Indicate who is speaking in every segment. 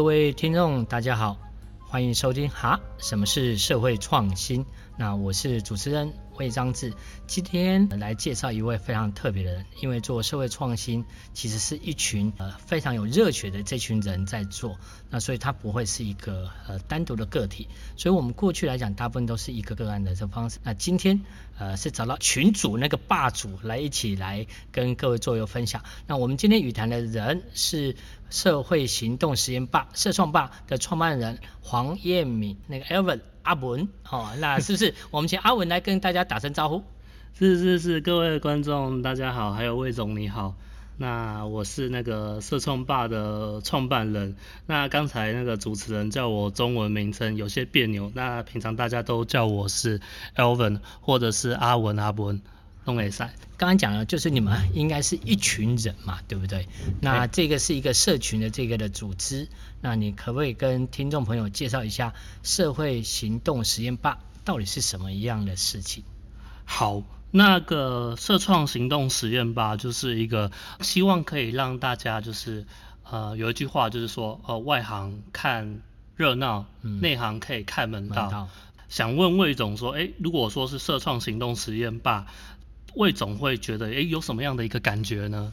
Speaker 1: 各位聽眾，大家好，歡迎收聽《哈，什麼是社會創新？》那我是主持人魏章志，今天、呃、來介紹一位非常特別的人。因為做社會創新，其實是一群呃非常有熱血的這群人在做，那所以他不會是一個呃單獨的個體。所以，我們過去來講，大部分都是一個個案的這方式。那今天呃是找到群主那個霸主來一起來跟各位做一個分享。那我們今天與談的人是。社會行動實驗吧社創吧的創辦人黃彥閔，那個 Alvin 阿文哦，那是不是我們請阿文來跟大家打聲招呼？
Speaker 2: 是是是，各位觀眾大家好，還有魏總你好，那我是那個社創吧的創辦人。那剛才那個主持人叫我中文名稱有些彆扭，那平常大家都叫我是 Alvin 或者是阿文阿文。分為三，剛剛講了，就是你們應該是一群人嘛，對不對，對？那這個是一個社群
Speaker 1: 的這個的組織，那你可不可以跟聽眾朋友介紹一下社會行
Speaker 2: 動實驗吧到底是什麼一樣的事情？好，那個社創行動實驗吧就是一個希望可以讓大家就是呃有一句話就是說呃外行看熱鬧，嗯，內行可以看門道。門道，想問魏總說誒，如果說是社創行動實驗吧？魏總會覺得，誒、欸，有什麼樣的一個感覺呢？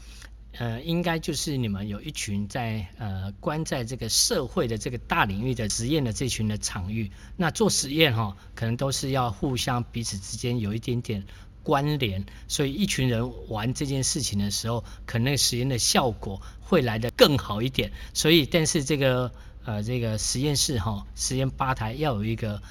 Speaker 2: 呃，
Speaker 1: 應該就是你們有一群在呃關在這個社會的這個大領域的實驗的這群的場域，那做實驗哈，可能都是要互相彼此之間有一點點關聯，所以一群人玩這件事情的時候，可能那個實驗的效果會來得更好一點。所以，但是這個呃這個實驗室哈，實驗吧台要有一個。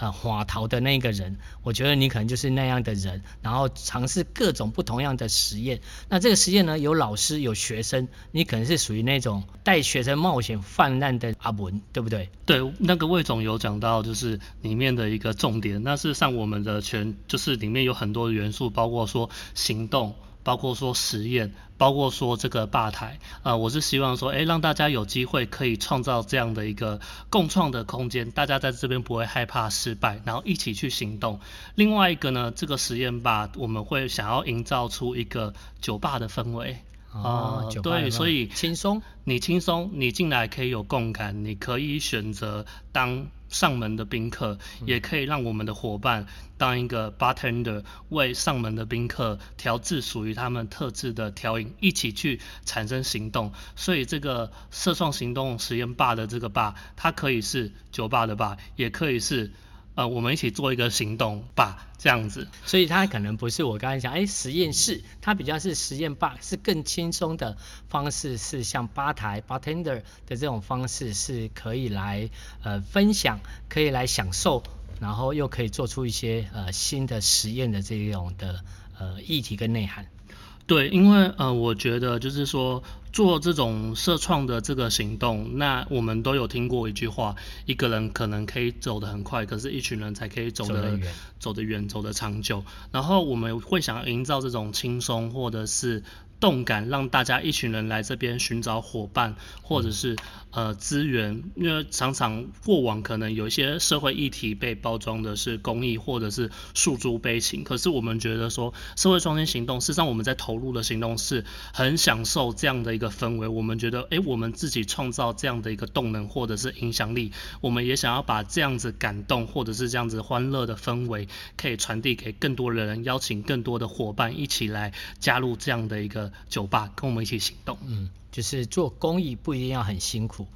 Speaker 1: 呃，華淘的那個人，我覺得你可能就是那樣的人，然後嘗試各種不同樣的實驗。那這個實驗呢，有老師有學生，你可能是屬於那種帶學生冒險泛濫的阿文，對不對？
Speaker 2: 對，那個魏總有講到，就是裡面的一個重點。那事實上，我們的全就是裡面有很多元素，包括說行動。包括說實驗，包括說這個吧台啊、呃，我是希望說，誒、欸，讓大家有機會可以創造這樣的一個共創的空間，大家在這邊不會害怕失敗，然後一起去行動。另外一個呢，這個實驗吧，我們會想要營造出一個酒吧的氛圍啊，哦呃、有有對，所以輕鬆，你輕鬆，你進來可以有共感，你可以選擇當。上門的賓客，也可以讓我們的伙伴當一個 bartender，、嗯、為上門的賓客調製屬於他們特制的調飲，一起去產生行動。所以這個“設創行動實驗壩”的這個壩，它可以是酒吧的壩，也可以是。呃，我們一起做一個行動吧，這樣子。所以它可能不是我剛才講，哎、欸，實驗
Speaker 1: 室，它比較是實驗吧，是更輕鬆的方式，是像吧台 bartender 的這種方式，是可以來呃分享，可以來享受，然後又可以做出一些呃新的實驗的這種的呃議題跟內
Speaker 2: 涵。對，因為呃，我覺得就是說做這種社創的這個行動，那我們都有聽過一句話：一個人可能可以走得很快，可是一群人才可以走得走得遠，走得遠，走得長久。然後我們會想要營造這種輕鬆，或者是。動感讓大家一群人來這邊尋找夥伴或者是、嗯、呃資源，因為常常過往可能有一些社會議題被包裝的是公益或者是訴諸悲情，可是我們覺得說社會創新行動，事實上我們在投入的行動是很享受這樣的一個氛圍。我們覺得哎、欸，我們自己創造這樣的一個動能或者是影響力，我們也想要把這樣子感動或者是這樣子歡樂的氛圍可以傳遞給更多的人，邀請更多的夥伴一起來加入這樣的一個。酒吧跟我們一起行動，嗯，就是做公益不一定
Speaker 1: 要很辛苦，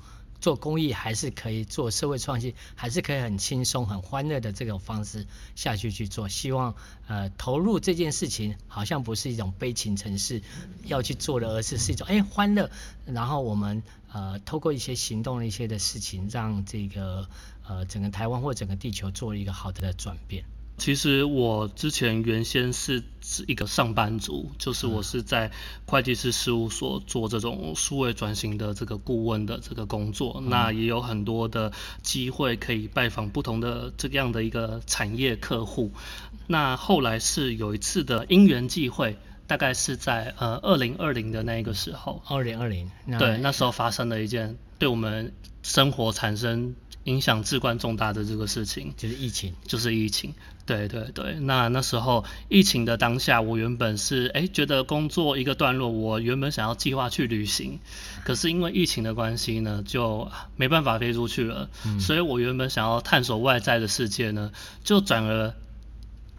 Speaker 1: 做公益還是可以做社會創新，還是可以很輕鬆、很歡樂的這種方式下去去做。希望呃投入這件事情，好像不是一種悲情城市要去做的，而是是一種哎、欸、歡樂。然後我們呃透過一些行動、一些的事情，讓這個呃整個台灣或整個地球做了一個好的轉變。
Speaker 2: 其實我之前原先是一個上班族，就是我是在會計師事務所做這種數位轉型的這個顧問的這個工作，嗯、那也有很多的機會可以拜訪不同的這樣的一個產業客戶。那後來是有一次的因緣際會，大概是在呃二零二零的那個時候。二零二零，對，那時候發生了一件對我們生活產生。影響至關重大的這個事情，就是疫情，就是疫情。對對對，那那時候疫情的當下，我原本是哎覺得工作一個段落，我原本想要計劃去旅行，可是因為疫情的關係呢，就沒辦法飛出去了。嗯，所以我原本想要探索外在的世界呢，就轉而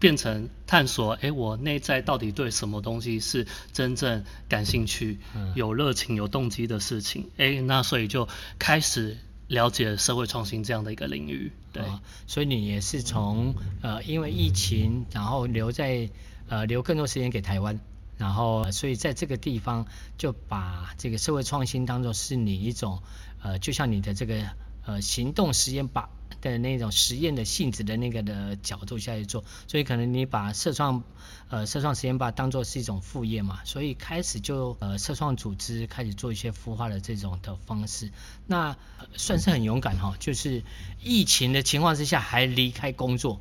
Speaker 2: 變成探索哎，我內在到底對什麼東西是真正感興趣、嗯，有熱情、有動機的事情。哎，那所以就開始。了解社會創新這樣的一個領域，對，呃、所以你也
Speaker 1: 是從呃，因為疫情，然後留在呃，留更多時間給台灣，然後、呃、所以在這個地方就把這個社會創新當做是你一種呃，就像你的這個呃行動實驗吧。的那種實驗的性質的，那個的角度下去做，所以可能你把社創，呃，社創實驗吧當做是一種副業嘛，所以開始就呃社創組織開始做一些孵化的這種的方式，那算是很勇敢哈、哦，就是疫情的情況之下還離開工作，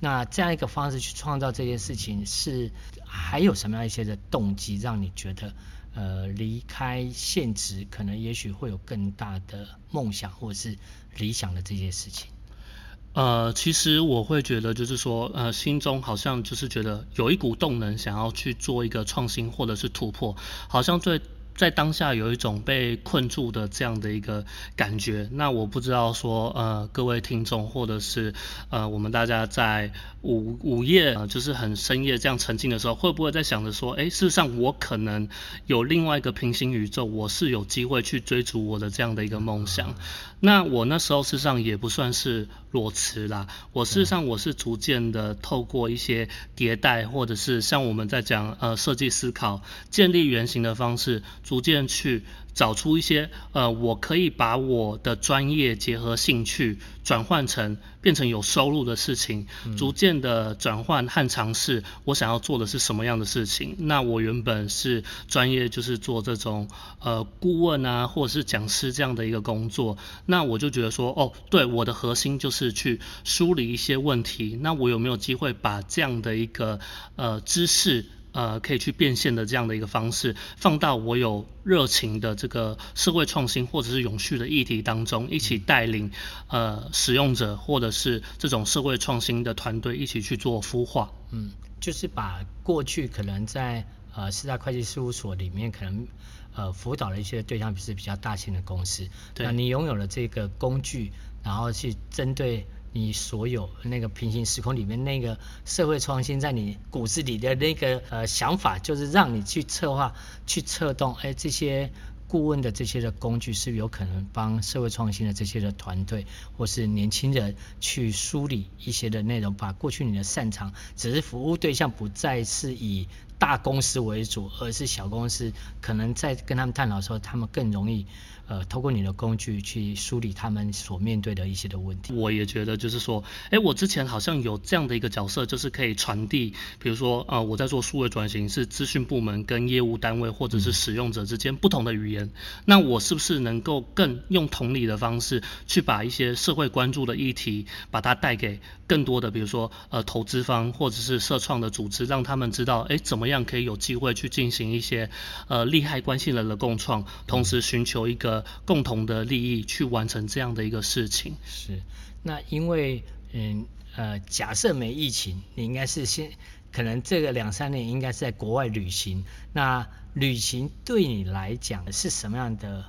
Speaker 1: 那這樣一個方式去創造這件事情，是還有什麼樣一些的動機讓你覺得，呃，離開現實可能也許會有更大的夢想或是理想的這些事情？
Speaker 2: 呃，其實我會覺得，就是說，呃，心中好像就是覺得有一股動能，想要去做一個創新或者是突破，好像對，在當下有一種被困住的這樣的一個感覺。那我不知道說，呃，各位聽眾或者是呃，我們大家在午午夜，呃，就是很深夜這樣沉浸的時候，會不會在想着說，誒，事實上我可能有另外一個平行宇宙，我是有機會去追逐我的這樣的一個夢想。嗯那我那時候事實上也不算是裸辭啦，我事實上我是逐漸的透過一些迭代，或者是像我們在講呃設計思考，建立原型的方式，逐漸去，找出一些呃，我可以把我的專業結合興趣，轉換成變成有收入的事情，嗯、逐漸的轉換和嘗試我想要做的是什麼樣的事情。那我原本是專業就是做這種呃顧問啊，或者是講師這樣的一個工作，那我就覺得說，哦，對，我的核心就是去梳理一些問題。那我有沒有機會把這樣的一個呃知識呃，可以去變現的這樣的一個方式，放到我有熱情的這個社會創新或者是永續的議題當中，一起帶領、嗯、呃使用者或者是這種社會創新的團隊一起去做孵化。
Speaker 1: 嗯，就是把過去可能在呃四大會計事務所裡面可能呃輔導的一些對象，是比較大型的公司。對。那你擁有了這個工具，然後去針對。你所有那個平行時空裡面那個社會創新在你骨子裡的那個呃想法，就是讓你去策劃、去策動。哎、欸，這些顧問的這些的工具是有可能幫社會創新的這些的團隊或是年輕人去梳理一些的內容，把過去你的擅長，只是服務對象不再是以大公司為主，而是小公司，可能在跟他們探討的時候，他們更容易。呃，透過你的工具去梳理他們所面對的一些的問
Speaker 2: 題。我也覺得就是說，哎、欸，我之前好像有這樣的一個角色，就是可以傳遞，比如說，呃，我在做數位轉型，是資訊部門跟業務單位或者是使用者之間不同的語言、嗯。那我是不是能夠更用同理的方式，去把一些社會關注的議題，把它帶給更多的，比如說，呃，投資方或者是社創的組織，讓他們知道，哎、欸，怎麼樣可以有機會去進行一些，呃，利害關係人的共創，同時尋求一個。共同的利益去完成這樣的一個事情
Speaker 1: 是。那因為嗯、呃，假設沒疫情，你應該是先可能這個兩三年應該是在國外旅行。那旅行對你來講是什麼樣的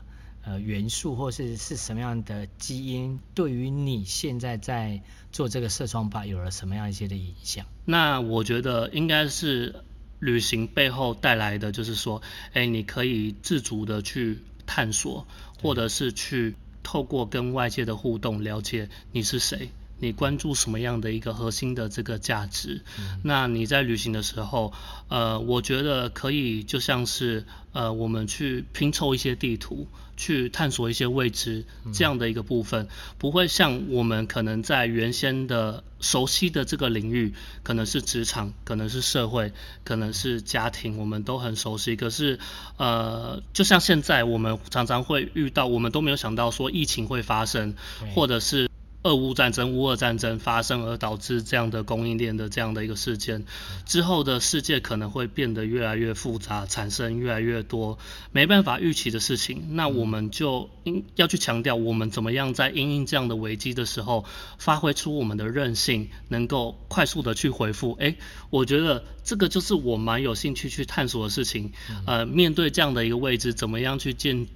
Speaker 1: 呃，元素，或是是什麼樣的基因，對於你現在在做這個社創吧有了什麼樣一些的影響？
Speaker 2: 那我覺得應該是旅行背後帶來的，就是說，誒，你可以自主的去。探索，或者是去透過跟外界的互動，了解你是誰，你關注什麼樣的一個核心的這個價值。嗯。那你在旅行的時候，呃，我覺得可以就像是呃，我們去拼湊一些地圖。去探索一些未知這樣的一個部分。嗯，不會像我們可能在原先的熟悉的這個領域，可能是職場，可能是社會，可能是家庭，我們都很熟悉。可是，呃，就像現在我們常常會遇到，我們都沒有想到說疫情會發生，嗯、或者是。俄烏戰爭、烏俄戰爭發生而導致這樣的供應鏈的這樣的一個事件之後的世界可能會變得越來越複雜，產生越來越多沒辦法預期的事情。那我們就應要去強調，我們怎麼樣在因應這樣的危機的時候，發揮出我們的韌性，能夠快速的去回復。誒、欸，我覺得這個就是我蠻有興趣去探索的事情。呃，面對這樣的一個位置，怎麼樣去建？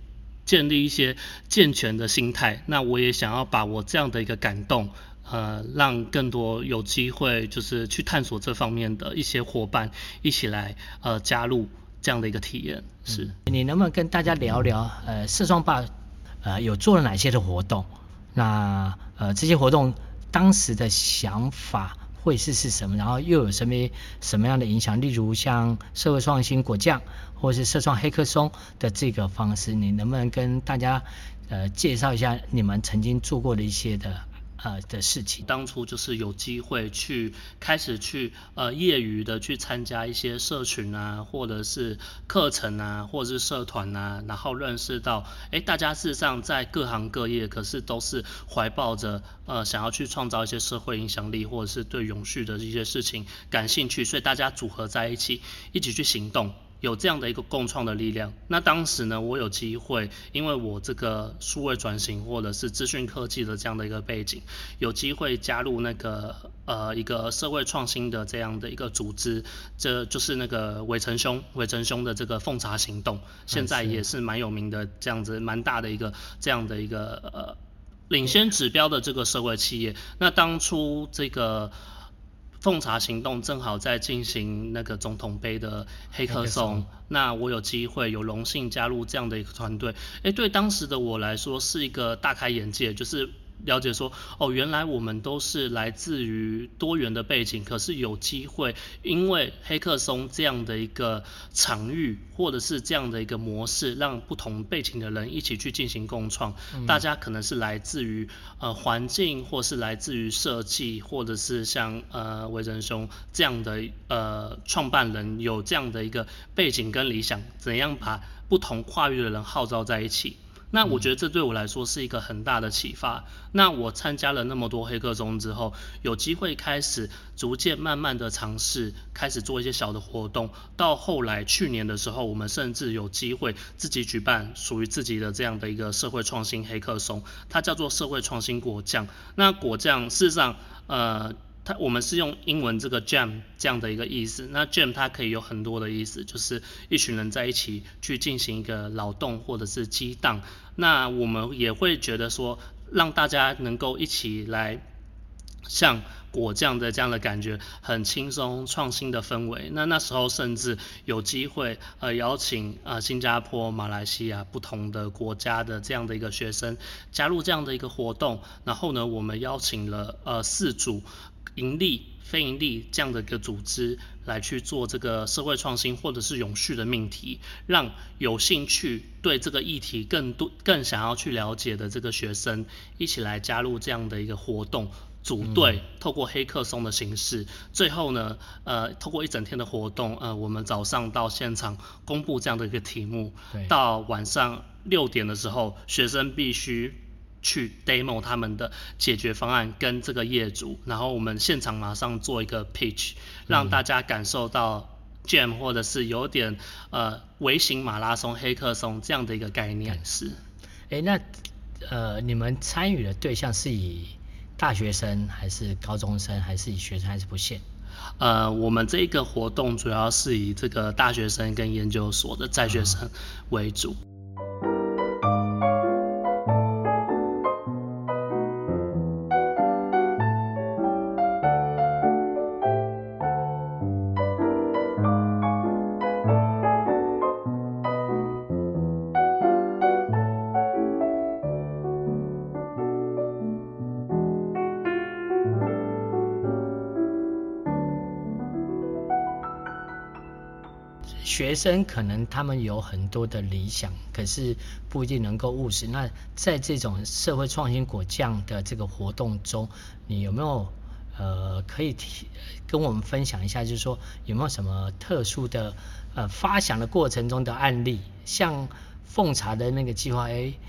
Speaker 2: 建立一些健全的心態，那我也想要把我這樣的一個感動，呃，讓更多有機會就是去探索這方面的一些夥伴一起來呃加入這樣的一個體驗。是、
Speaker 1: 嗯，你能不能跟大家聊聊、嗯、呃，社創吧呃有做了哪些的活動？那呃這些活動當時的想法會是是什麼？然後又有什麼什麼樣的影響？例如像社會創新果醬。或是社創黑客松的這個方式，你能不能跟大家，呃，介紹一下你們曾經做過的一些的
Speaker 2: 呃的事情？當初就是有機會去開始去呃業餘的去參加一些社群啊，或者是課程啊，或者是社團啊，然後認識到，哎，大家事實上在各行各業，可是都是懷抱着呃想要去創造一些社會影響力，或者是對永續的一些事情感興趣，所以大家組合在一起，一起去行動。有這樣的一個共創的力量，那當時呢，我有機會，因為我這個數位轉型或者是資訊科技的這樣的一個背景，有機會加入那個呃一個社會創新的這樣的一個組織，這就是那個偉成兄，偉成兄的這個奉茶行動、嗯，現在也是蠻有名的，這樣子蠻大的一個這樣的一個呃領先指標的這個社會企業。嗯、那當初這個。奉茶行動正好在進行那個總統盃的黑客松，那我有機會有榮幸加入這樣的一個團隊，哎、欸，對當時的我來說是一個大開眼界，就是。了解說，哦，原來我們都是來自於多元的背景，可是有機會，因為黑客松這樣的一個場域，或者是這樣的一個模式，讓不同背景的人一起去進行共創，嗯。大家可能是來自於呃環境，或是來自於設計，或者是像呃維仁兄這樣的呃創辦人有這樣的一個背景跟理想，怎樣把不同跨域的人號召在一起？那我覺得這對我來說是一個很大的啟發。嗯。那我參加了那麼多黑客松之後，有機會開始逐漸慢慢的嘗試，開始做一些小的活動。到後來去年的時候，我們甚至有機會自己舉辦屬於自己的這樣的一個社會創新黑客松，它叫做社會創新果醬。那果醬事實上，呃。它我們是用英文這個 jam 這樣的一個意思。那 jam 它可以有很多的意思，就是一群人在一起去進行一個勞動或者是激盪。那我們也會覺得說，讓大家能夠一起來，像果醬的這樣的感覺，很輕鬆、創新的氛圍。那那時候甚至有機會呃邀請啊、呃、新加坡、馬來西亞不同的國家的這樣的一個學生加入這樣的一個活動。然後呢，我們邀請了呃四組。盈利、非盈利這樣的一個組織來去做這個社會創新或者是永續的命題，讓有興趣對這個議題更多、更想要去了解的這個學生一起來加入這樣的一個活動，組隊、嗯，透過黑客松的形式。最後呢，呃，透過一整天的活動，呃，我們早上到現場公布這樣的一個題目，到晚上六點的時候，學生必須。去 demo 他們的解決方案，跟這個業主，然後我們現場馬上做一個 pitch，嗯、讓大家感受到 GEM 或者是有點呃微型馬拉松、嗯、黑客松這樣的一個概念是。
Speaker 1: 哎、欸，那呃，你們參與的對象是以大學生還是高中生，還是以學生還是不限？
Speaker 2: 呃，我們這一個活動主要是以這個大學生跟研究所的在學生為主。嗯。
Speaker 1: 學生可能他們有很多的理想，可是不一定能夠務實。那在這種社會創新果醬的這個活動中，你有沒有呃可以提跟我們分享一下？就是說有沒有什麼特殊的呃發想的過程中的案例？像奉茶的那個計劃，哎、欸。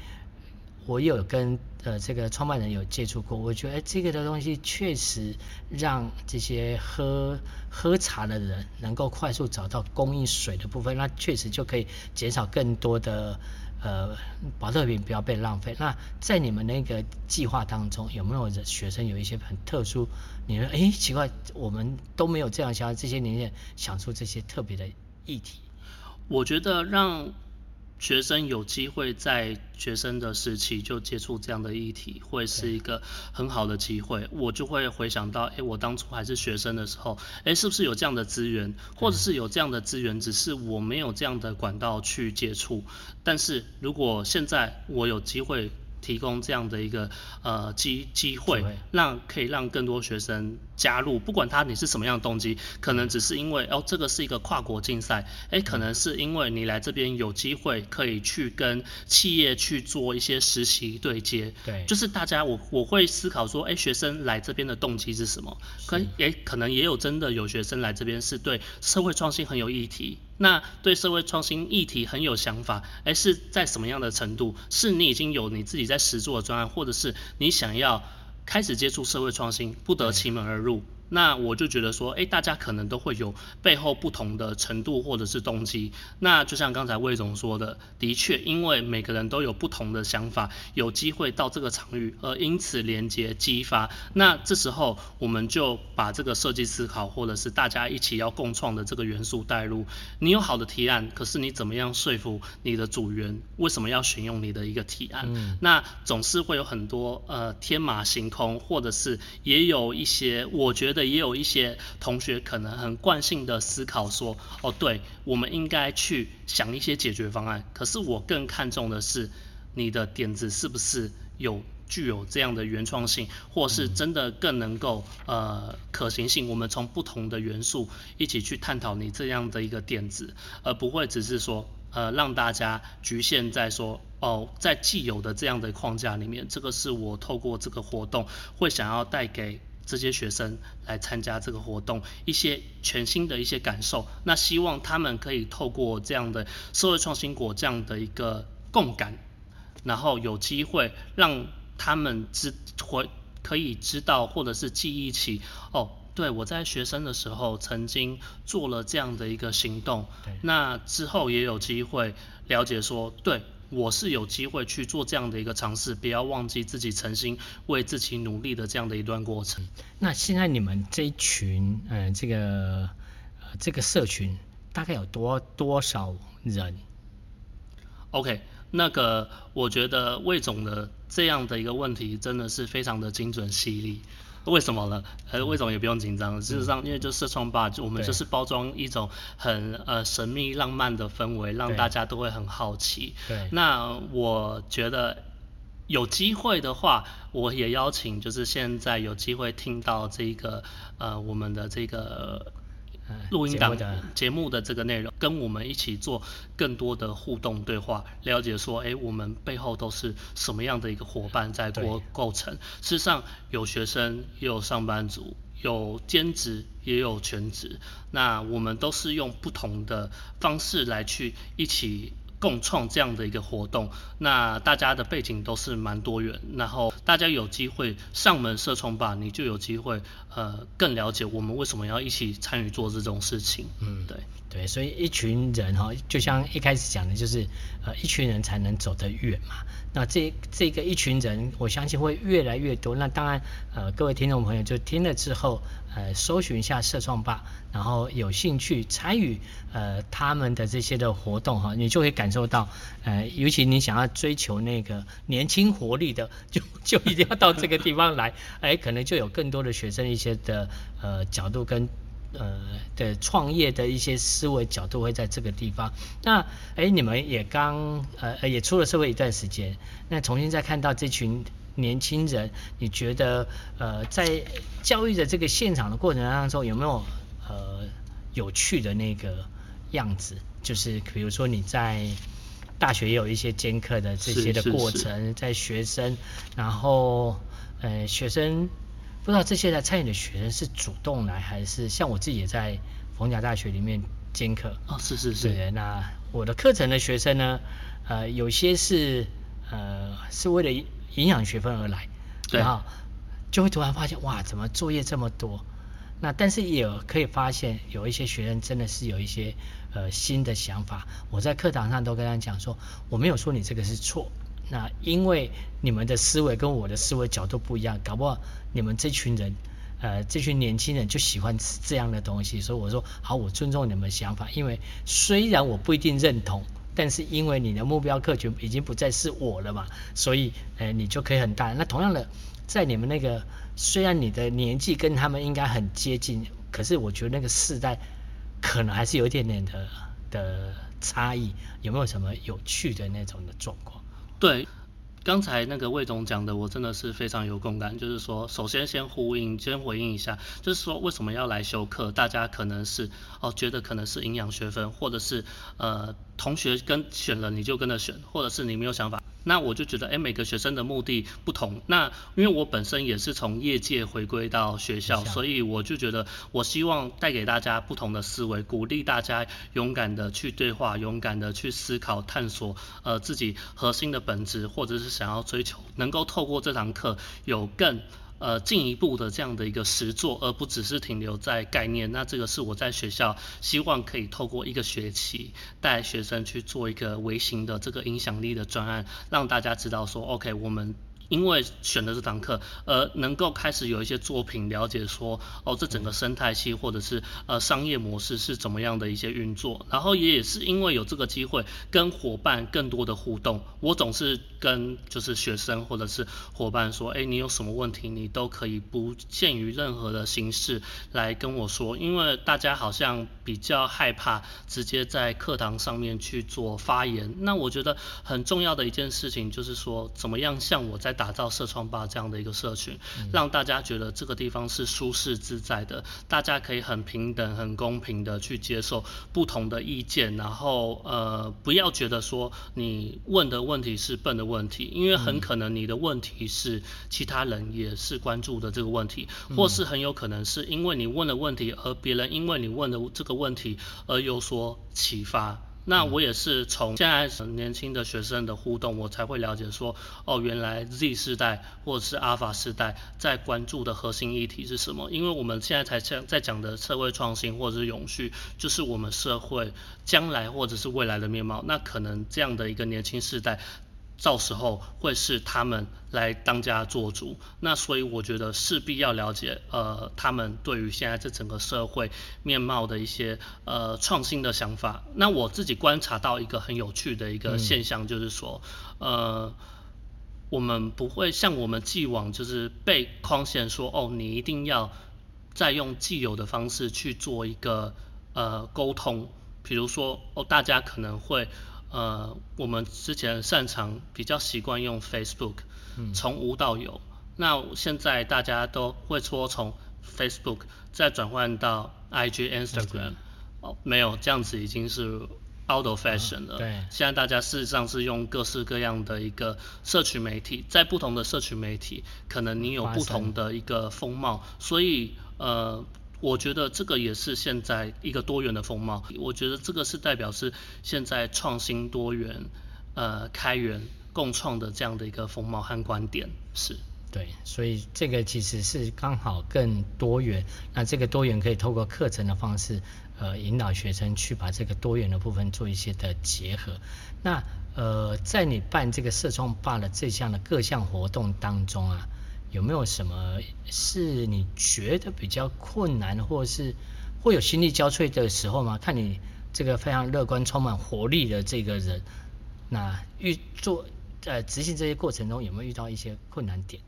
Speaker 1: 我也有跟呃這個創辦人有接觸過，我覺得、欸、這個的東西確實讓這些喝喝茶的人能夠快速找到供應水的部分，那確實就可以減少更多的呃保特瓶不要被浪費。那在你們那個計劃當中，有沒有學生有一些很特殊？你說哎、欸、奇怪，我們都沒有這樣想，這些年輕人想出這些特別的
Speaker 2: 議題。我覺得讓。學生有機會在學生的時期就接觸這樣的議題，會是一個很好的機會。我就會回想到，哎，我當初還是學生的時候，哎，是不是有這樣的資源，或者是有這樣的資源，只是我沒有這樣的管道去接觸。但是如果現在我有機會，提供這樣的一個呃機機會，讓可以讓更多學生加入。不管他你是什麼樣的動機，可能只是因為哦這個是一個跨國競賽，誒，可能是因為你來這邊有機會可以去跟企業去做一些實習對接。對，就是大家我我會思考說，誒，學生來這邊的動機是什麼？可誒可能也有真的有學生來這邊是對社會創新很有議題。那對社會創新議題很有想法，誒，是在什麼樣的程度？是你已經有你自己在實做的專案，或者是你想要開始接觸社會創新，不得其門而入？那我就覺得說，哎、欸，大家可能都會有背後不同的程度或者是動機。那就像剛才魏總說的，的確，因為每個人都有不同的想法，有機會到這個場域，而因此連接激發。那這時候，我們就把這個設計思考，或者是大家一起要共創的這個元素帶入。你有好的提案，可是你怎麼樣說服你的組員？為什麼要選用你的一個提案？嗯，那總是會有很多呃天馬行空，或者是也有一些，我覺得。也有一些同學可能很慣性的思考說：“哦，對，我們應該去想一些解決方案。”可是我更看重的是，你的點子是不是有具有這樣的原創性，或是真的更能夠呃可行性？我們從不同的元素一起去探討你這樣的一個點子，而不會只是說呃讓大家局限在說哦，在既有的這樣的框架裡面。這個是我透過這個活動會想要帶給。這些學生來參加這個活動，一些全新的一些感受。那希望他們可以透過這樣的社會創新國這樣的一個共感，然後有機會讓他們知回可以知道或者是記憶起哦，對我在學生的時候曾經做了這樣的一個行動。那之後也有機會了解說對。我是有機會去做這樣的一個嘗試，不要忘記自己曾經為自己努力的這樣的一段過程。
Speaker 1: 那現在你們這一群，嗯，這個，呃，這個社群大概有多多少人
Speaker 2: ？OK，那個我覺得魏總的這樣的一個問題真的是非常的精準犀利。為什麼呢？呃，為什麼也不用緊張？事實上，因為就是社創吧，嗯，我們就是包裝一種很呃神秘浪漫的氛圍，讓大家都會很好奇。對，那我覺得有機會的話，我也邀請，就是現在有機會聽到這個呃我們的這個。呃錄音檔節，節目的這個內容，跟我們一起做更多的互動對話，了解說，哎，我們背後都是什麼樣的一個夥伴在過構成？事實上，有學生，也有上班族，有兼職，也有全職，那我們都是用不同的方式來去一起。共創這樣的一個活動，那大家的背景都是蠻多元，然後大家有機會上門社創吧，你就有機會呃更了解我們為什麼要一起參與做這種事情。對嗯，對
Speaker 1: 對，所以一群人哈、哦，就像一開始講的，就是呃一群人才能走得遠嘛。那這這個一群人，我相信會越來越多。那當然呃，各位聽眾朋友就聽了之後。呃，搜尋一下“社創吧”，然後有興趣參與呃他們的這些的活動哈，你就會感受到，呃，尤其你想要追求那個年輕活力的，就就一定要到這個地方來，哎、 呃，可能就有更多的學生一些的呃角度跟呃的創業的一些思維角度會在這個地方。那哎、呃，你們也剛呃也出了社會一段時間，那重新再看到這群。年輕人，你覺得呃，在教育的這個現場的過程當中，有沒有呃有趣的那個樣子？就是比如說你在大學也有一些兼課的這些的過程，是是是在學生，然後呃學生不知道這些在參與的學生是主動來還是像我自己也在逢甲大學裡面兼課哦，
Speaker 2: 是是是，對，
Speaker 1: 那我的課程的學生呢，呃，有些是呃是為了。營養學分而來，對哈，然後就會突然發現哇，怎麼作業這麼多？那但是也可以發現有一些學生真的是有一些呃新的想法。我在課堂上都跟他講說，我沒有說你這個是錯。那因為你們的思維跟我的思維角度不一樣，搞不好你們這群人，呃，這群年輕人就喜歡吃這樣的東西，所以我說好，我尊重你們的想法，因為雖然我不一定認同。但是因為你的目標客群已經不再是我了嘛，所以，呃你就可以很大。那同樣的，在你們那個，雖然你的年紀跟他們應該很接近，可是我覺得那個世代可能還是有一點點的的差異。有沒有什麼有趣的那種的狀況？
Speaker 2: 對。剛才那個魏總講的，我真的是非常有共感。就是說，首先先呼應，先回應一下，就是說，為什麼要來修課？大家可能是哦，覺得可能是營養學分，或者是呃，同學跟選了你就跟着選，或者是你沒有想法。那我就覺得，哎，每個學生的目的不同。那因為我本身也是從業界回歸到學校，啊、所以我就覺得，我希望帶給大家不同的思維，鼓勵大家勇敢的去對話，勇敢的去思考、探索，呃，自己核心的本質，或者是想要追求，能夠透過這堂課有更。呃，進一步的這樣的一個實作，而不只是停留在概念。那這個是我在學校希望可以透過一個學期帶學生去做一個微型的這個影響力的專案，讓大家知道說，OK，我們因為選了這堂課，呃，能夠開始有一些作品了解說，哦，這整個生態系或者是呃商業模式是怎麼樣的一些運作。然後也也是因為有這個機會跟夥伴更多的互動，我總是。跟就是學生或者是夥伴說，哎、欸，你有什麼問題，你都可以不限於任何的形式來跟我說，因為大家好像比較害怕直接在課堂上面去做發言。那我覺得很重要的一件事情就是說，怎麼樣像我在打造社創吧這樣的一個社群，讓大家覺得這個地方是舒適自在的，大家可以很平等、很公平的去接受不同的意見，然後呃，不要覺得說你問的問題是笨的。問題，因為很可能你的問題是其他人也是關注的這個問題，嗯、或是很有可能是因為你問的問題，而別人因為你問的這個問題而有所啟發。那我也是從現在年輕的學生的互動，我才會了解說，哦，原來 Z 世代或者是 Alpha 世代在關注的核心議題是什麼？因為我們現在才講在講的社會創新或者是永續，就是我們社會將來或者是未來的面貌。那可能這樣的一個年輕世代。到時候會是他們來當家做主，那所以我覺得勢必要了解，呃，他們對於現在這整個社會面貌的一些呃創新的想法。那我自己觀察到一個很有趣的一個現象，嗯、就是說，呃，我們不會像我們既往就是被框限說，哦，你一定要再用既有的方式去做一個呃溝通，比如說，哦，大家可能會。呃，我們之前擅長比較習慣用 Facebook，從、嗯、無到有。那現在大家都會說從 Facebook 再轉換到 IG、Instagram，、okay. 哦，沒有這樣子已經是 out of fashion 了、啊、對。現在大家事實上是用各式各樣的一個社群媒體，在不同的社群媒體，可能你有不同的一個風貌。所以，呃。我覺得這個也是現在一個多元的風貌。我覺得這個是代表是現在創新多元、呃，開源共創的這樣的一個風貌和觀點。是。
Speaker 1: 對，所以這個其實是剛好更多元。那這個多元可以透過課程的方式，呃，引導學生去把這個多元的部分做一些的結合。那呃，在你辦這個社創吧的這項的各項活動當中啊，有沒有什麼是你覺得比較困難，或是會有心力交瘁的時候嗎？看你這個非常樂觀、充滿活力的這個人，那遇做在、呃、執行這些過程中有沒有遇到一些困難點？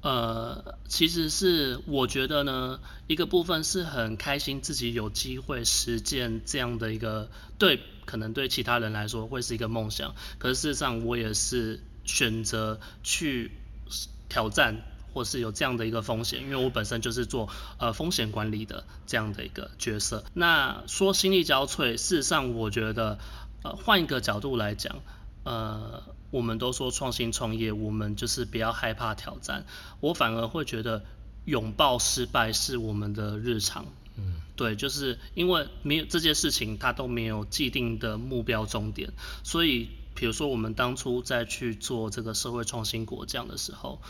Speaker 2: 呃，其實是我覺得呢，一個部分是很開心自己有機會實踐這樣的一個對，可能對其他人來說會是一個夢想，可是事實上我也是選擇去。挑戰或是有這樣的一個風險，因為我本身就是做呃風險管理的這樣的一個角色。那說心力交瘁，事實上我覺得，呃，換一個角度來講，呃，我們都說創新創業，我們就是不要害怕挑戰。我反而會覺得擁抱失敗是我們的日常。嗯，對，就是因為沒有這件事情，它都沒有既定的目標終點，所以。比如說，我們當初在去做這個社會創新國獎的時候。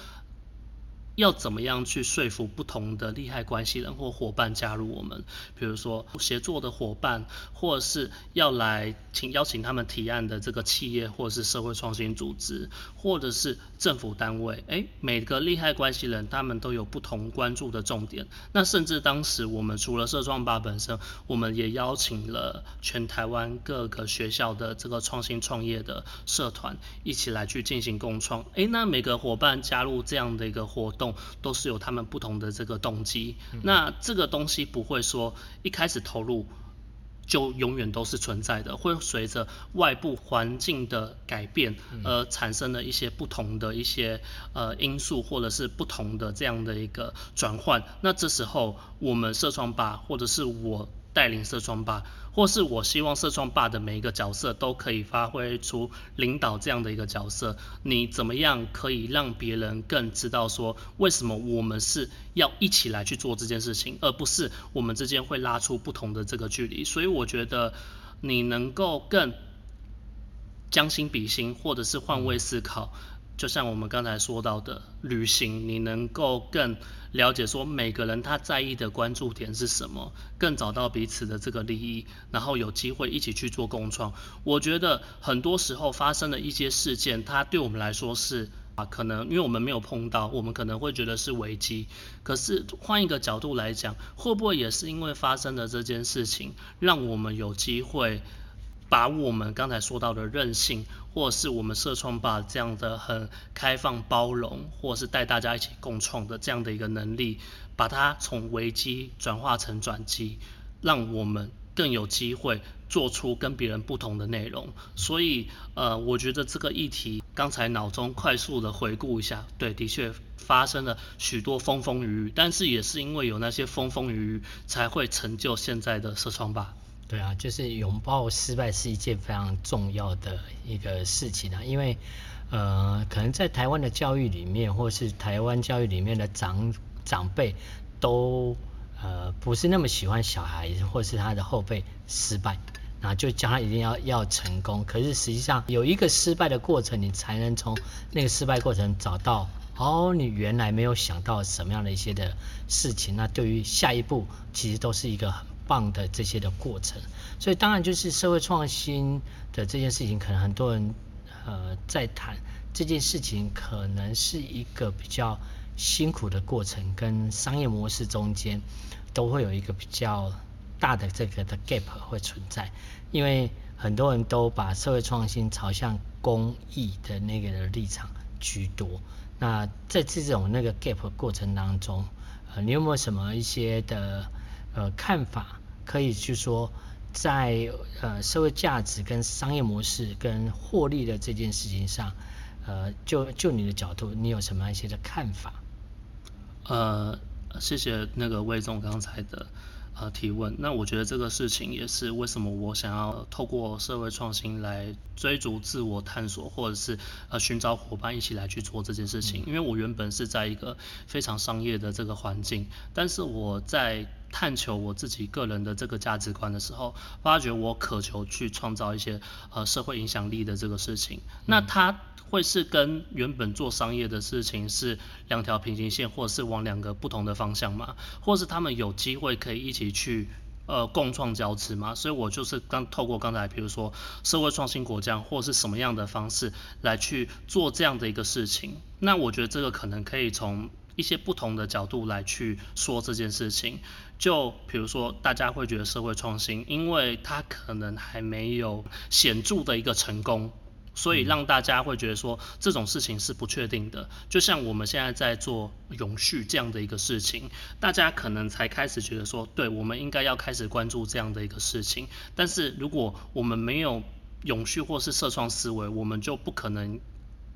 Speaker 2: 要怎麼樣去說服不同的利害關係人或夥伴加入我們？比如說協作的夥伴，或者是要來請邀請他們提案的這個企業，或者是社會創新組織，或者是政府單位。哎，每個利害關係人他們都有不同關注的重點。那甚至當時我們除了社創吧本身，我們也邀請了全台灣各個學校的這個創新創業的社團一起來去進行共創。哎，那每個夥伴加入這樣的一個活動，都是有他們不同的這個動機，那這個東西不會說一開始投入就永遠都是存在的，會隨着外部環境的改變而產生了一些不同的一些呃因素，或者是不同的這樣的一個轉換。那這時候我們社創吧，或者是我。帶領社創吧，或是我希望社創吧的每一個角色都可以發揮出領導這樣的一個角色。你怎麼樣可以讓別人更知道說，為什麼我們是要一起來去做這件事情，而不是我們之間會拉出不同的這個距離？所以我覺得你能夠更將心比心，或者是換位思考。就像我們剛才說到的旅行，你能夠更了解說每個人他在意的關注點是什麼，更找到彼此的這個利益，然後有機會一起去做共創。我覺得很多時候發生的一些事件，它對我們來說是啊，可能因為我們沒有碰到，我們可能會覺得是危機。可是換一個角度來講，會不會也是因為發生了這件事情，讓我們有機會？把我們剛才說到的韌性，或是我們社創吧這樣的很開放包容，或是帶大家一起共創的這樣的一個能力，把它從危機轉化成轉機，讓我們更有機會做出跟別人不同的內容。所以，呃，我覺得這個議題，剛才腦中快速的回顧一下，對，的確發生了許多風風雨雨，但是也是因為有那些風風雨雨，才會成就現在的社創吧。
Speaker 1: 對啊，就是擁抱失敗是一件非常重要的一個事情啊，因為，呃，可能在台灣的教育裡面，或是台灣教育裡面的長長輩都，都呃不是那麼喜歡小孩或是他的後輩失敗，那就叫他一定要要成功。可是實際上有一個失敗的過程，你才能從那個失敗過程找到，哦，你原來沒有想到什麼樣的一些的事情，那對於下一步其實都是一個很。棒的這些的過程，所以當然就是社會創新的這件事情，可能很多人呃在談這件事情，可能是一個比較辛苦的過程，跟商業模式中間都會有一個比較大的這個的 gap 會存在，因為很多人都把社會創新朝向公益的那個的立場居多。那在這種那個 gap 過程當中，呃，你有沒有什麼一些的呃看法？可以，去、呃、說，在呃社會價值跟商業模式跟獲利的這件事情上，呃，就就你的角度，你有什麼一些的看法？
Speaker 2: 呃，謝謝那個魏總剛才的呃提問。那我覺得這個事情也是為什麼我想要透過社會創新來追逐自我探索，或者是呃尋找夥伴一起來去做這件事情、嗯。因為我原本是在一個非常商業的這個環境，但是我在。探求我自己個人的這個價值觀的時候，發覺我渴求去創造一些呃社會影響力的這個事情。嗯、那它會是跟原本做商業的事情是兩條平行線，或者是往兩個不同的方向嗎？或是他們有機會可以一起去呃共創交織嗎？所以我就是剛透過剛才，比如說社會創新國家，或是什麼樣的方式來去做這樣的一個事情。那我覺得這個可能可以從一些不同的角度來去說這件事情，就比如說大家會覺得社會創新，因為它可能還沒有顯著的一個成功，所以讓大家會覺得說這種事情是不確定的。就像我們現在在做永續這樣的一個事情，大家可能才開始覺得說，對我們應該要開始關注這樣的一個事情。但是如果我們沒有永續或是社創思維，我們就不可能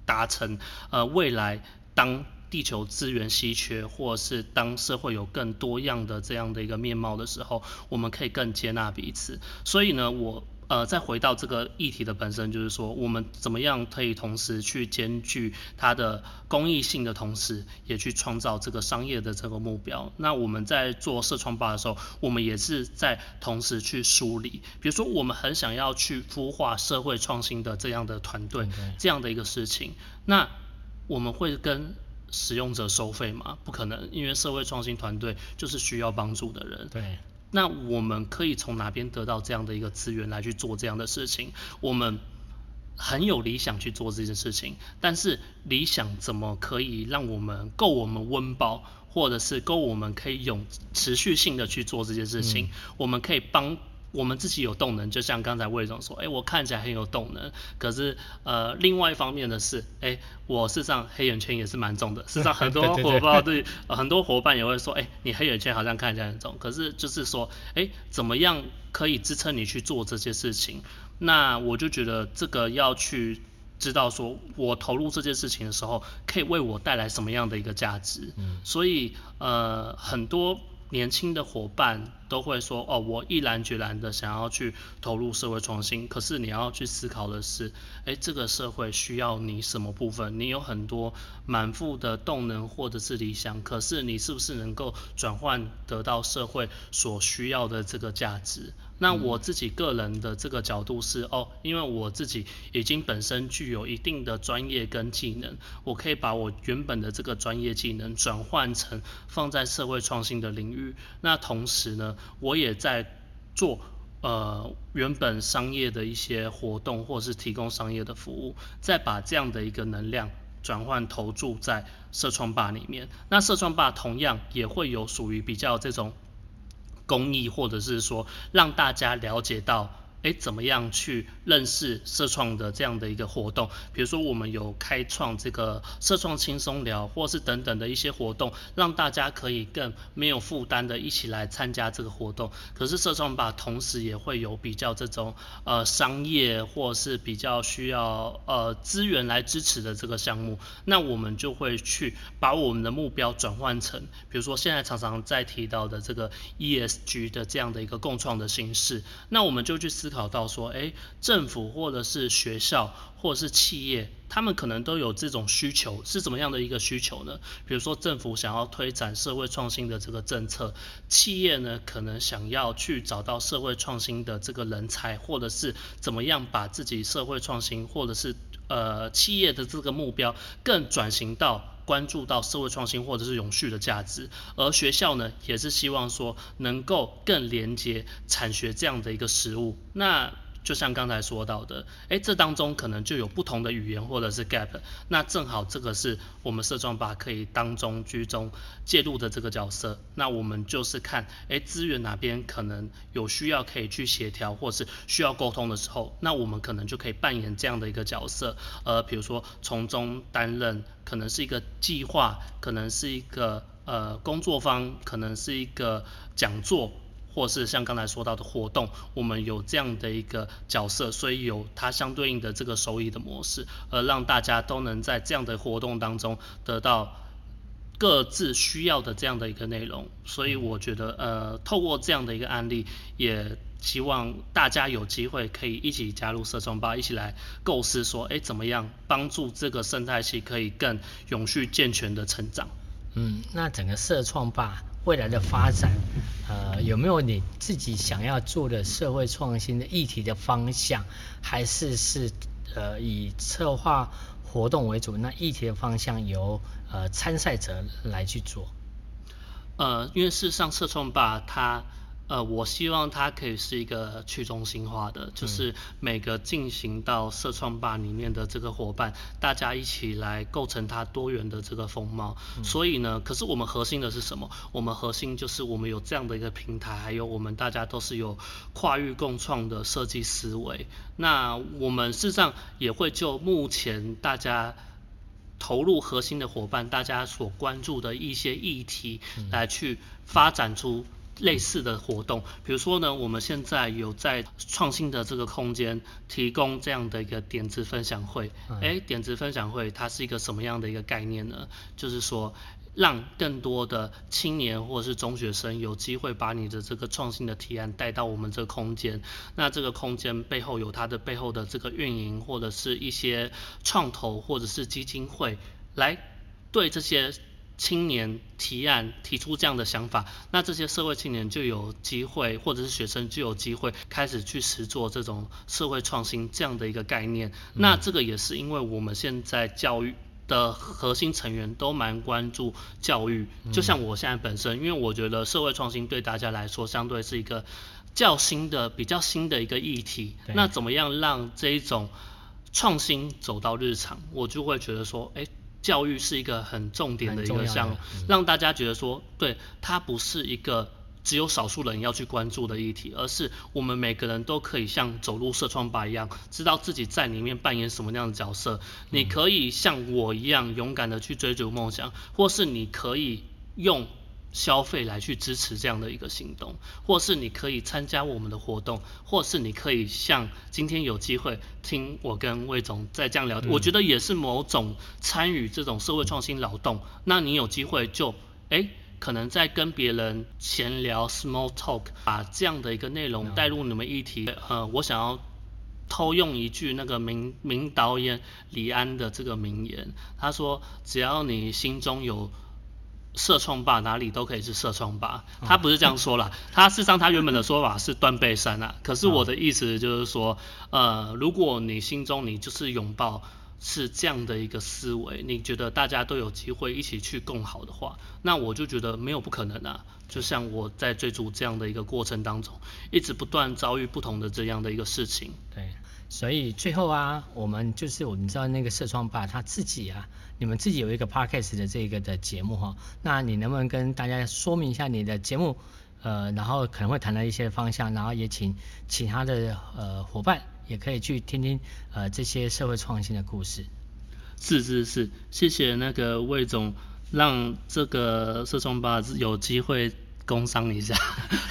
Speaker 2: 達成。呃，未來當地球資源稀缺，或是當社會有更多樣的這樣的一個面貌的時候，我們可以更接納彼此。所以呢，我呃再回到這個議題的本身，就是說我們怎麼樣可以同時去兼具它的公益性的同時，也去創造這個商業的這個目標。那我們在做社創吧的時候，我們也是在同時去梳理，比如說我們很想要去孵化社會創新的這樣的團隊，這樣的一個事情，那我們會跟。使用者收費嗎？不可能，因為社會創新團隊就是需要幫助的人。對，那我們可以從哪邊得到這樣的一個資源來去做這樣的事情？我們很有理想去做這件事情，但是理想怎麼可以讓我們夠我們溫飽，或者是夠我們可以有持續性的去做這件事情？嗯、我們可以幫。我們自己有動能，就像剛才魏總說，哎、欸，我看起來很有動能，可是呃，另外一方面的是，哎、欸，我事實上黑眼圈也是蠻重的，事實上很多夥伴對， 對，對，對、呃、很多夥伴也會說，哎、欸，你黑眼圈好像看起來很重，可是就是說，哎、欸，怎麼樣可以支撐你去做這些事情？那我就覺得這個要去知道說，說我投入這件事情的時候，可以為我帶來什麼樣的一個價值。嗯，所以，呃，很多。年輕的夥伴都會說：“哦，我毅然決然的想要去投入社會創新。”可是你要去思考的是，誒，這個社會需要你什麼部分？你有很多滿腹的動能或者是理想，可是你是不是能夠轉換得到社會所需要的這個價值？那我自己個人的這個角度是，哦，因為我自己已經本身具有一定的專業跟技能，我可以把我原本的這個專業技能轉換成放在社會創新的領域。那同時呢，我也在做呃原本商業的一些活動，或是提供商業的服務，再把這樣的一個能量轉換投注在社創吧裡面。那社創吧同樣也會有屬於比較這種。公益，或者是說讓大家了解到。誒，怎麼樣去認識社創的這樣的一個活動？比如說，我們有開創這個社創輕鬆聊，或是等等的一些活動，讓大家可以更沒有負擔的一起來參加這個活動。可是，社創吧同時也會有比較這種呃商業或是比較需要呃資源來支持的這個項目。那我們就會去把我們的目標轉換成，比如說現在常常在提到的這個 ESG 的這樣的一個共創的形式。那我們就去思。考到說，哎、欸，政府或者是學校或者是企業，他們可能都有這種需求，是怎麼樣的一個需求呢？比如說政府想要推展社會創新的這個政策，企業呢，可能想要去找到社會創新的這個人才，或者是怎麼樣把自己社會創新或者是呃企業的這個目標更轉型到。關注到社會創新或者是永續的價值，而學校呢，也是希望說能夠更連接產學這樣的一個實務。那就像剛才說到的，哎，這當中可能就有不同的語言或者是 gap，那正好這個是我們社創吧可以當中居中介入的這個角色。那我們就是看，哎，資源哪邊可能有需要可以去協調，或是需要溝通的時候，那我們可能就可以扮演這樣的一個角色。呃，比如說從中擔任，可能是一個計劃，可能是一個呃工作坊，可能是一個講座。或是像剛才說到的活動，我們有這樣的一個角色，所以有它相對應的這個收益的模式，而讓大家都能在這樣的活動當中得到各自需要的這樣的一個內容。所以我覺得，呃，透過這樣的一個案例，也希望大家有機會可以一起加入社創吧，一起來構思說，欸，怎麼樣幫助這個生態系可以更永續健全的成長？
Speaker 1: 嗯，那整個社創吧。未來的發展，呃，有沒有你自己想要做的社會創新的議題的方向，還是是呃以策劃活動為主？那議題的方向由呃參賽者來去做。
Speaker 2: 呃，因為事實上，社創吧它。他呃，我希望它可以是一個去中心化的。就是每個進行到社創吧裡面的這個夥伴，大家一起來構成它多元的這個風貌。嗯。所以呢，可是我們核心的是什麼？我們核心就是我們有這樣的一個平台，還有我們大家都是有跨域共創的設計思維。那我們事實上也會就目前大家投入核心的夥伴，大家所關注的一些議題來去發展出。嗯。嗯類似的活動，比如說呢，我們現在有在創新的這個空間提供這樣的一個點子分享會。欸，點子分享會它是一個什麼樣的一個概念呢？就是說，讓更多的青年或者是中學生有機會把你的這個創新的提案帶到我們這個空間。那這個空間背後有它的背後的這個運營或者是一些創投或者是基金會來對這些。青年提案，提出這樣的想法，那這些社會青年就有機會，或者是學生就有機會開始去實作這種社會創新這樣的一個概念，嗯。那這個也是因為我們現在教育的核心成員都蠻關注教育，嗯，就像我現在本身，因為我覺得社會創新對大家來說相對是一個較新的，比較新的一個議題。那怎麼樣讓這一種創新走到日常？我就會覺得說，哎，欸。教育是一個很重點的一個項目，讓大家覺得說，對，它不是一個只有少數人要去關注的議題，而是我們每個人都可以像走入社創吧一樣，知道自己在裡面扮演什麼樣的角色。你可以像我一樣勇敢的去追逐夢想，或是你可以用。消費來去支持這樣的一個行動，或是你可以參加我們的活動，或是你可以像今天有機會聽我跟魏總在這樣聊、嗯，我覺得也是某種參與這種社會創新勞動、嗯。那你有機會就哎、欸，可能在跟別人閒聊 small talk，把這樣的一個內容帶入你們議題、嗯。呃，我想要偷用一句那個名名導演李安的這個名言，他說：只要你心中有。社創吧，哪裡都可以是社創吧。他不是這樣說啦，哦、他事實上他原本的說法是斷背山啊。可是我的意思就是說，哦、呃，如果你心中你就是擁抱是這樣的一個思維，你覺得大家都有機會一起去共好的話，那我就覺得沒有不可能啊。就像我在追逐這樣的一個過程當中，一直不斷遭遇不同的這樣的一個事情。對，
Speaker 1: 所以最後啊，我們就是我們知道那個社創吧他自己啊，你們自己有一個 podcast 的這個的節目哈，那你能不能跟大家說明一下你的節目？呃，然後可能會談到一些方向，然後也請其他的呃夥伴也可以去聽聽呃這些社會創新的故事。
Speaker 2: 是是是，謝謝那個魏總，讓這個社創吧有機會。工商一下，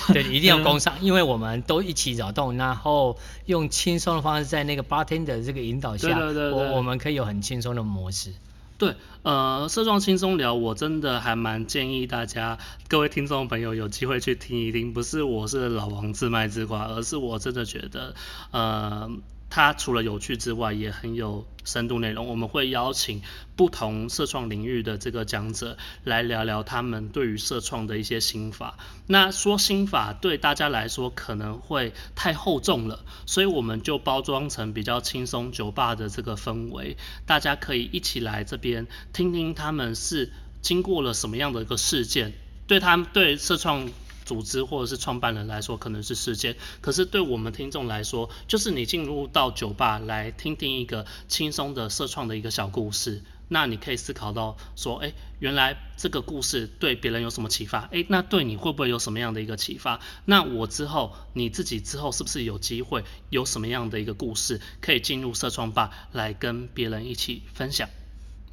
Speaker 2: 對，一定要工商，
Speaker 1: 因為我們都一起找動，然後用輕鬆的方式，在那個 bartender 這個引導下，對對對，對我，我們可以有很輕鬆的模式。
Speaker 2: 對，呃，社創輕鬆聊，我真的還蠻建議大家，各位聽眾朋友有機會去聽一聽，不是我是老王自賣自誇，而是我真的覺得，呃。它除了有趣之外，也很有深度內容。我們會邀請不同社創領域的這個講者來聊聊他們對於社創的一些心法。那說心法對大家來說可能會太厚重了，所以我們就包裝成比較輕鬆酒吧的這個氛圍，大家可以一起來這邊聽聽他們是經過了什麼樣的一個事件，對他們對社創。組織或者是創辦人來說，可能是事件；可是對我們聽眾來說，就是你進入到酒吧來聽聽一個輕鬆的社創的一個小故事，那你可以思考到說：哎、欸，原來這個故事對別人有什麼啟發？哎、欸，那對你會不會有什麼樣的一個啟發？那我之後你自己之後是不是有機會有什麼樣的一個故事可以進入社創吧來跟別人一起分享？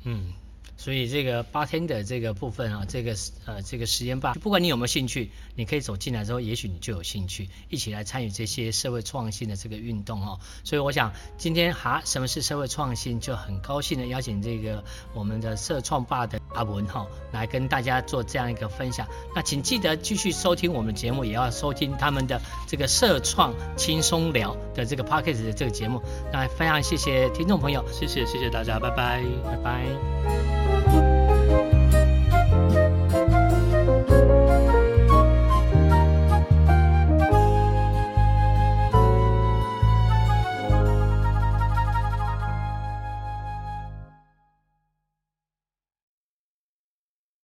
Speaker 2: 嗯。所以這
Speaker 1: 個八天的這個部分啊，這個呃這個實驗吧，不管你有沒有興趣，你可以走進來之後，也許你就有興趣，一起來參與這些社會創新的這個運動哦、啊。所以我想今天哈什麼是社會創新，就很高興的邀請這個我們的社創吧的阿文哈、啊、來跟大家做這樣一個分享。那請記得繼續收聽我們節目，也要收聽他們的這個社創輕鬆聊的這個 Podcast 的這個節目。那非常謝謝聽眾朋友，謝謝謝謝大家，拜拜拜拜。